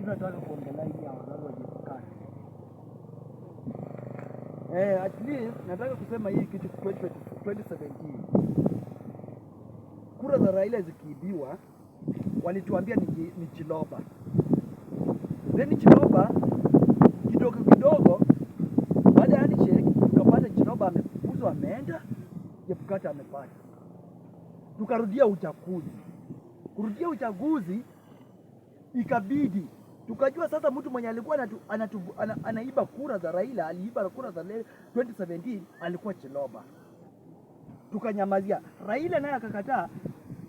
tunataka kuongelea hili ya wazazi wajiepukane. Eh, at least nataka kusema hii kitu 2017 kura za Raila zikiibiwa, walituambia ni, ni Chiloba, then Chiloba kidogo kidogo, baada ya handshake tukapata Chiloba amefukuzwa, ameenda Chebukati amepata, tukarudia uchaguzi. Kurudia uchaguzi ikabidi tukajua sasa mtu mwenye alikuwa anatu, anatu, ana, anaiba kura za Raila, aliiba kura za 2017 alikuwa Chiloba, tukanyamazia. Raila naye akakataa,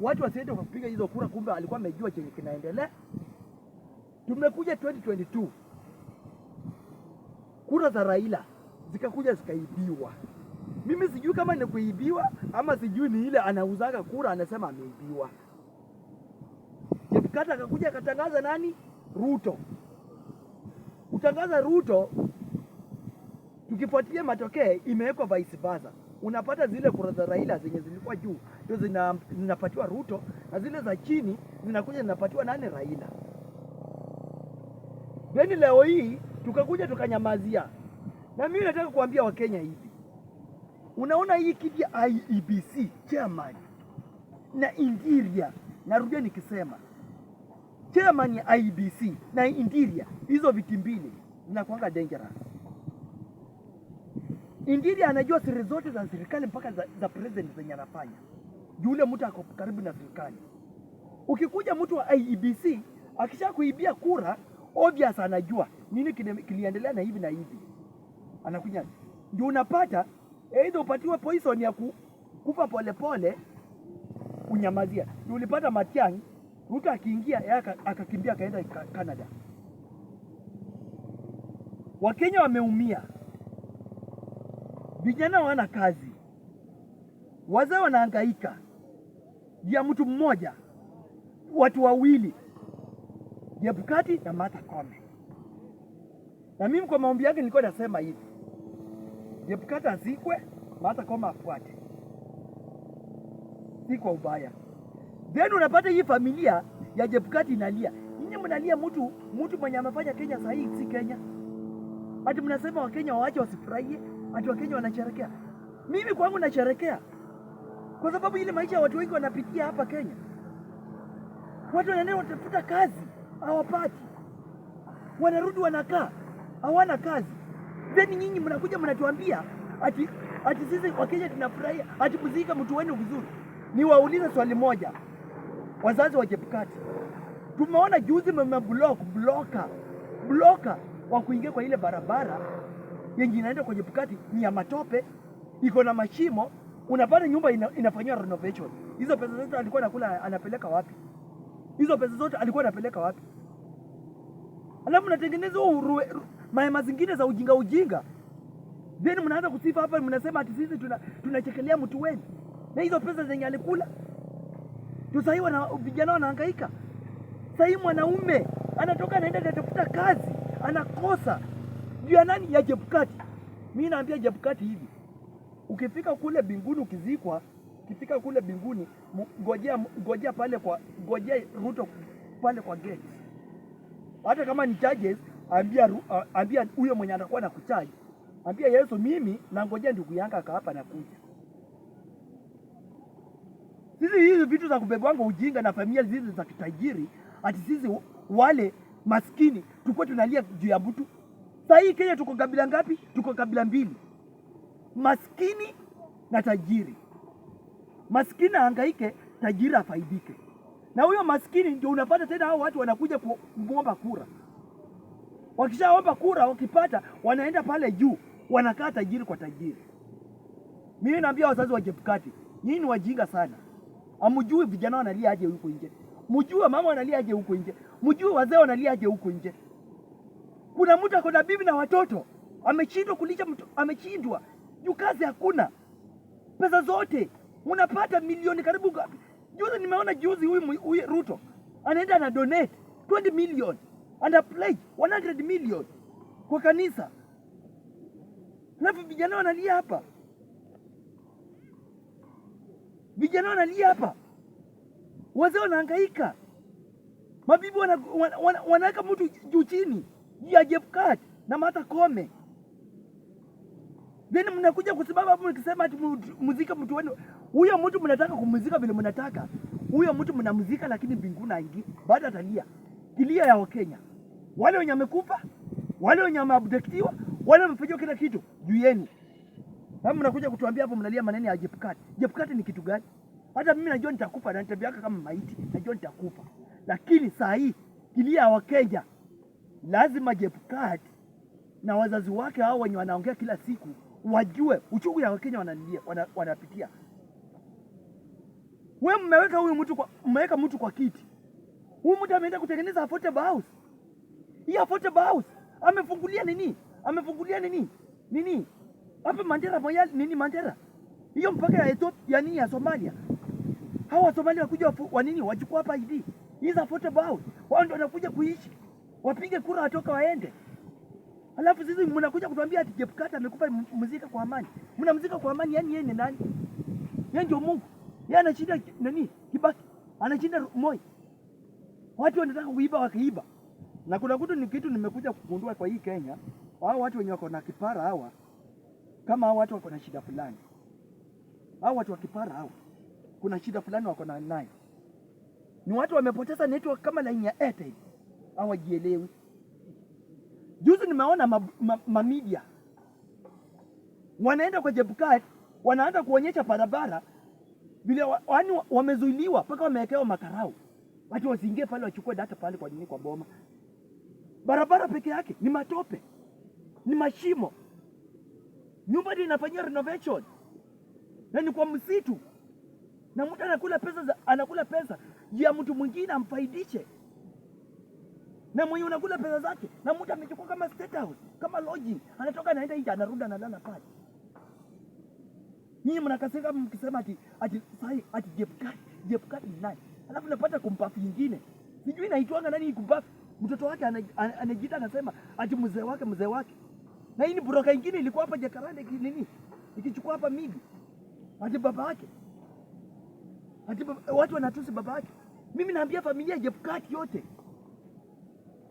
watu wasiende kupiga hizo kura, kumbe alikuwa amejua chenye kinaendelea. Tumekuja 2022 kura za Raila zikakuja zikaibiwa. Mimi sijui kama ni kuibiwa ama sijui ni ile anauzaga kura anasema ameibiwa. Jebukata akakuja akatangaza nani Ruto, kutangaza Ruto. Tukifuatilia matokeo imewekwa vice versa, unapata zile kura za Raila zenye zilikuwa juu ndio zina, zinapatiwa Ruto na zile za chini zinakuja zinapatiwa nane Raila. Then leo hii tukakuja tukanyamazia, na mimi nataka kuambia Wakenya hivi, unaona hii kiti ya IEBC chairman na Ingiria, narudia nikisema chairman ya IBC na indiria hizo viti mbili zinakuanga dangerous. indiria anajua siri zote za serikali mpaka za, za president zenye anafanya yule mtu ako karibu na serikali. Ukikuja mtu wa IEBC akisha kuibia kura, obvious anajua nini kiliendelea na hivi na hivi, anakuja ndio unapata aidha upatiwe poison ya ku, kufa polepole unyamazia. Ndio ulipata Matiang'i Ruto akiingia yeye akakimbia akaenda Canada. Wakenya wameumia, vijana hawana kazi, wazee wanahangaika ya mtu mmoja, watu wawili, Jebukati na Martha Koome. Na mimi kwa maombi yake nilikuwa nasema hivi, Jebukati azikwe, Martha Koome afuate, si kwa ubaya. Then unapata hii familia ya jepukati inalia. Nyinyi mnalia mtu mtu mwenye amefanya Kenya saa hii si Kenya. Ati mnasema Wakenya waache wasifurahie, ati Wakenya wanasherekea. Mimi kwangu nasherekea kwa sababu ile maisha ya watu wengi wanapitia hapa Kenya. Watu wanaenda wanatafuta kazi hawapati, wanarudi wanakaa, hawana kazi. Then nyinyi mnakuja mnatuambia ati ati sisi Wakenya tunafurahia, ati mzika mtu wenu vizuri. Niwaulize swali moja wazazi wa jepkati Tumeona juzi block bloka bloka wa kuingia kwa ile barabara yenye inaenda kwa Chebukati ni ya matope, iko na mashimo. Unapata nyumba ina, inafanyiwa renovation. Hizo pesa zote alikuwa anakula anapeleka wapi? Hizo pesa zote alikuwa anapeleka wapi? Alafu mnatengeneza mahema zingine za ujinga ujinga, then mnaanza kusifa hapa, mnasema ati sisi tunachekelea tuna mtu wenu na hizo pesa zenye alikula ndio sahii wana vijana wanahangaika. Sahii mwanaume anatoka anaenda kutafuta kazi anakosa juu ya nani? Ya Jebukati. Mi naambia Jebukati hivi, ukifika kule binguni, ukizikwa, ukifika kule binguni, ngojea ngojea pale kwa ngojea Ruto pale kwa gate. Hata kama ni charges, ambia ambia huyo mwenye anakuwa na kuchaji, ambia Yesu, mimi nangojea ndugu yanga aka na kuja sisi hizi vitu za kubebwanga ujinga na familia zizi za kitajiri, ati sisi wale maskini tulikuwa tunalia juu ya mtu. Saa hii Kenya tuko kabila ngapi? Tuko kabila mbili, maskini na tajiri. Maskini ahangaike, tajiri afaidike. Na huyo maskini ndio unapata tena, hao watu wanakuja kumwomba kura. Wakishaomba kura, wakipata wanaenda pale juu, wanakaa tajiri kwa tajiri. Mimi naambia wazazi wa Chebukati, nyinyi ni wajinga sana. Amujue vijana wanalia aje huko nje, mujue mama wanalia aje huko nje, mujue wazee wanalia aje huko nje. Kuna mtu ako na bibi na watoto amechindwa kulisha, amechindwa juu kazi hakuna, pesa zote unapata milioni karibu. Juzi nimeona juzi, huyu Ruto anaenda na donate 20 million and pledge 100 million kwa kanisa, halafu vijana wanalia hapa. Vijana wanalia hapa, wazee wanahangaika, mabibi wanaweka wana, mtu juu chini juu ya Jeff Kat na Martha Koome, then mnakuja kusimama hapo mkisema ati muzika mtu wenu. Huyo mtu mnataka kumuzika vile mnataka, huyo mtu mnamuzika, lakini mbinguni aingi bado atalia kilia ya Wakenya wale wenye amekufa, wale wenye wameabdektiwa, wale wamefanyiwa kila kitu juu yenu. Kama mnakuja kutuambia hapo mnalia maneno ya Jeff Cut. ni kitu gani? Hata mimi najua nitakufa na nitabia kama maiti, najua nitakufa Lakini saa hii kilia Wakenya lazima Jeff na wazazi wake hao wenye wanaongea kila siku wajue uchungu ya Wakenya wanalia wana, wanapitia. Wewe mmeweka huyu mtu kwa mmeweka mtu kwa kiti. Huyu mtu ameenda kutengeneza affordable house. Hii affordable house amefungulia nini? Amefungulia nini? Nini? hapa Mandera moya nini Mandera hiyo mpaka ya Ethiopia ya nini ya Somalia. Hao wa Somalia wakuja wa nini wachukua hapa ID hizi affordable bao. wao ndio wanakuja kuishi, wapige kura watoka waende. Alafu sisi mnakuja kutuambia ati Jeff Kata amekupa muziki kwa amani, mnamzika kwa amani. Yani yeye ni nani? Yeye ndio Mungu? Yeye anashinda nani? Kibaki anashinda Moi? Watu wanataka kuiba wakiiba, na kuna kitu ni kitu nimekuja kugundua kwa hii Kenya, hao watu wenye wako na kipara hawa kama hao watu wako na shida fulani, hao watu wakipara hao kuna shida fulani wako nayo, ni watu wamepoteza network kama laini ya Airtel, hawajielewi. Juzi nimeona ma, ma, ma media wanaenda kwa jebuka wanaanza kuonyesha barabara vile yaani wa, wamezuiliwa mpaka wamewekewa makarau, watu wasiingie pale, wachukue data pale. Kwa nini? Kwa boma, barabara peke yake ni matope, ni mashimo nyumba ile inafanyia renovation na ni kwa msitu, na mtu anakula pesa za, anakula pesa ya mtu mwingine amfaidishe, na mwenye unakula pesa zake, na mtu amechukua kama state house, kama lodging, anatoka anaenda nje, anarudi analala pale. Nyinyi mnakasirika mkisema ati ati sai ati Jepkat Jepkat ni nani? Alafu napata kumbafu nyingine, sijui naitwanga nani kumbafu, mtoto wake anajiita anasema ati mzee wake mzee wake na hii ni broka ingine ilikuwa hapa Jacaranda nini ikichukua hapa midi hadi baba yake hadi eh, watu wanatusi baba yake. Mimi naambia familia Chebukati yote,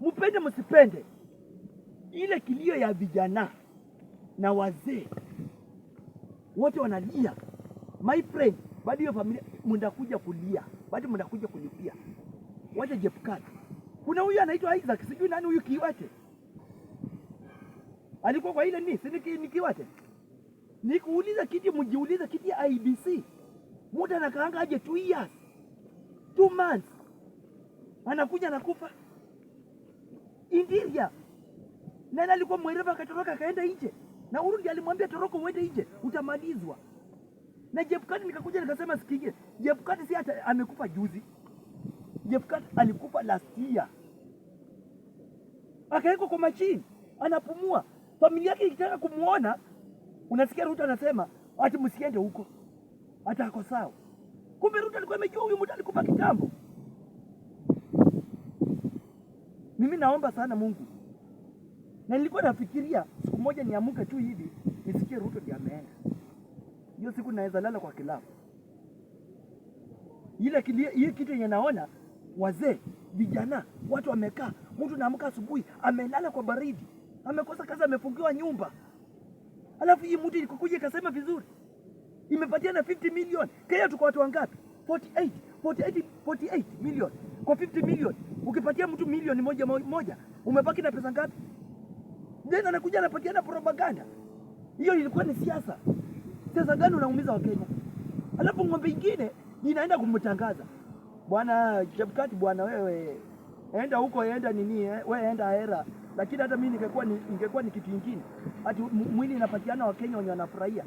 mupende msipende, ile kilio ya vijana na wazee wote wanalia my friend, bado hiyo familia mndakuja kulia, bado mndakuja kulipia. Wacha Chebukati, kuna huyu anaitwa Isaac, sijui nani huyu kiwete alikuwa kwa ile ni si nikiwache nikuuliza kiti mjiuliza kiti ya IBC muda anakaanga aje two years two months anakuja nakufa Indiria nani alikuwa mwereva akatoroka akaenda nje na Urundi alimwambia toroko uende nje utamalizwa na Jebukati nikakuja nikasema sikigie Jebukati si hata amekufa juzi jepukati alikufa last year akawekwa kwa machini anapumua familia yake ikitaka kumwona, unasikia Ruto anasema ati msiende huko, hata ako sawa. Kumbe Ruto alikuwa amejua huyu mtu alikufa kitambo. Mimi naomba sana Mungu, na nilikuwa nafikiria siku moja niamke tu hivi nisikie Ruto ndiye ameenda. Hiyo siku naweza lala kwa kilabu ile hii kitu yenye naona wazee, vijana, watu wamekaa, mtu naamka asubuhi amelala kwa baridi amekosa kazi, amefungiwa nyumba, alafu hii mtu ilikuja ikasema vizuri, na 50 milioni. Kenya tuko watu wangapi? 48, 48, 48 milioni kwa 50 milioni. Ukipatia mtu milioni moja moja, umebaki na pesa ngapi? Then anakuja na propaganda. Hiyo ilikuwa ni siasa. Siasa gani unaumiza Wakenya? Alafu ng'ombe ingine inaenda kumtangaza bwana Chebukati, bwana wewe enda huko, enda nini, eh, wewe enda hera lakini hata mimi ningekuwa ni, ningekuwa ni kitu kingine, ati mwili inapatiana Wakenya wenye wanafurahia.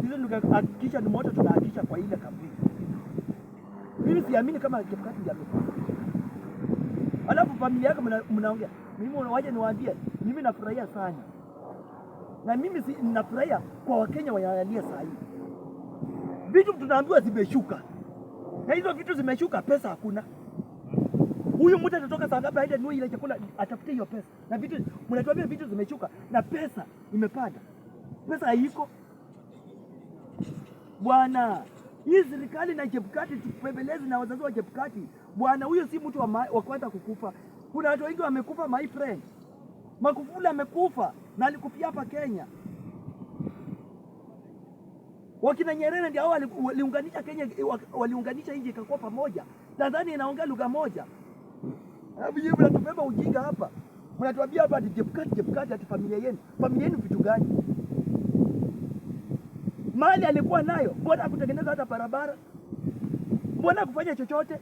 Sisi tukahakikisha ni moto, tunahakikisha kwa ile kampuni. Mimi siamini kama Chebukati ndio amefanya, alafu familia yako mnaongea. Mimi waje niwaambie, mimi nafurahia sana, na mimi si, nafurahia kwa Wakenya wayalia saa hii. Vitu tunaambiwa zimeshuka, na hizo vitu zimeshuka, pesa hakuna Huyu mtu atatoka saa ngapi aende nunue ile chakula atafute hiyo pesa. Na vitu mnatuambia vitu zimeshuka na pesa imepanda. Pesa haiko. Bwana, hii serikali na Chebukati tupembelezi na wazazi wa Chebukati. Bwana, huyo si mtu wa kwanza kukufa. Kuna watu wengi wamekufa my friend. Magufuli amekufa na alikufia hapa Kenya. Wakina Nyerere ndio hao waliunganisha Kenya, waliunganisha nchi ikakuwa pamoja. Tanzania inaongea lugha moja. Hivi mnatubeba ujinga hapa, mnatuambia hapa ati Chebukati, ati familia yenu. Familia yenu vitu gani? Mali alikuwa nayo, mbona akutengeneza hata barabara? Mbona akufanya chochote?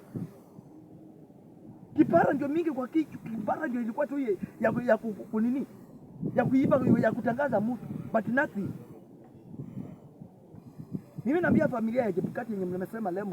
Kipara ndio mingi kwa kichwa, kipara ndio ilikuwa tu ya, ya kunini ya kuiba ya kutangaza mtu, but nothing. Mimi naambia familia ya Chebukati yenye mnasema leo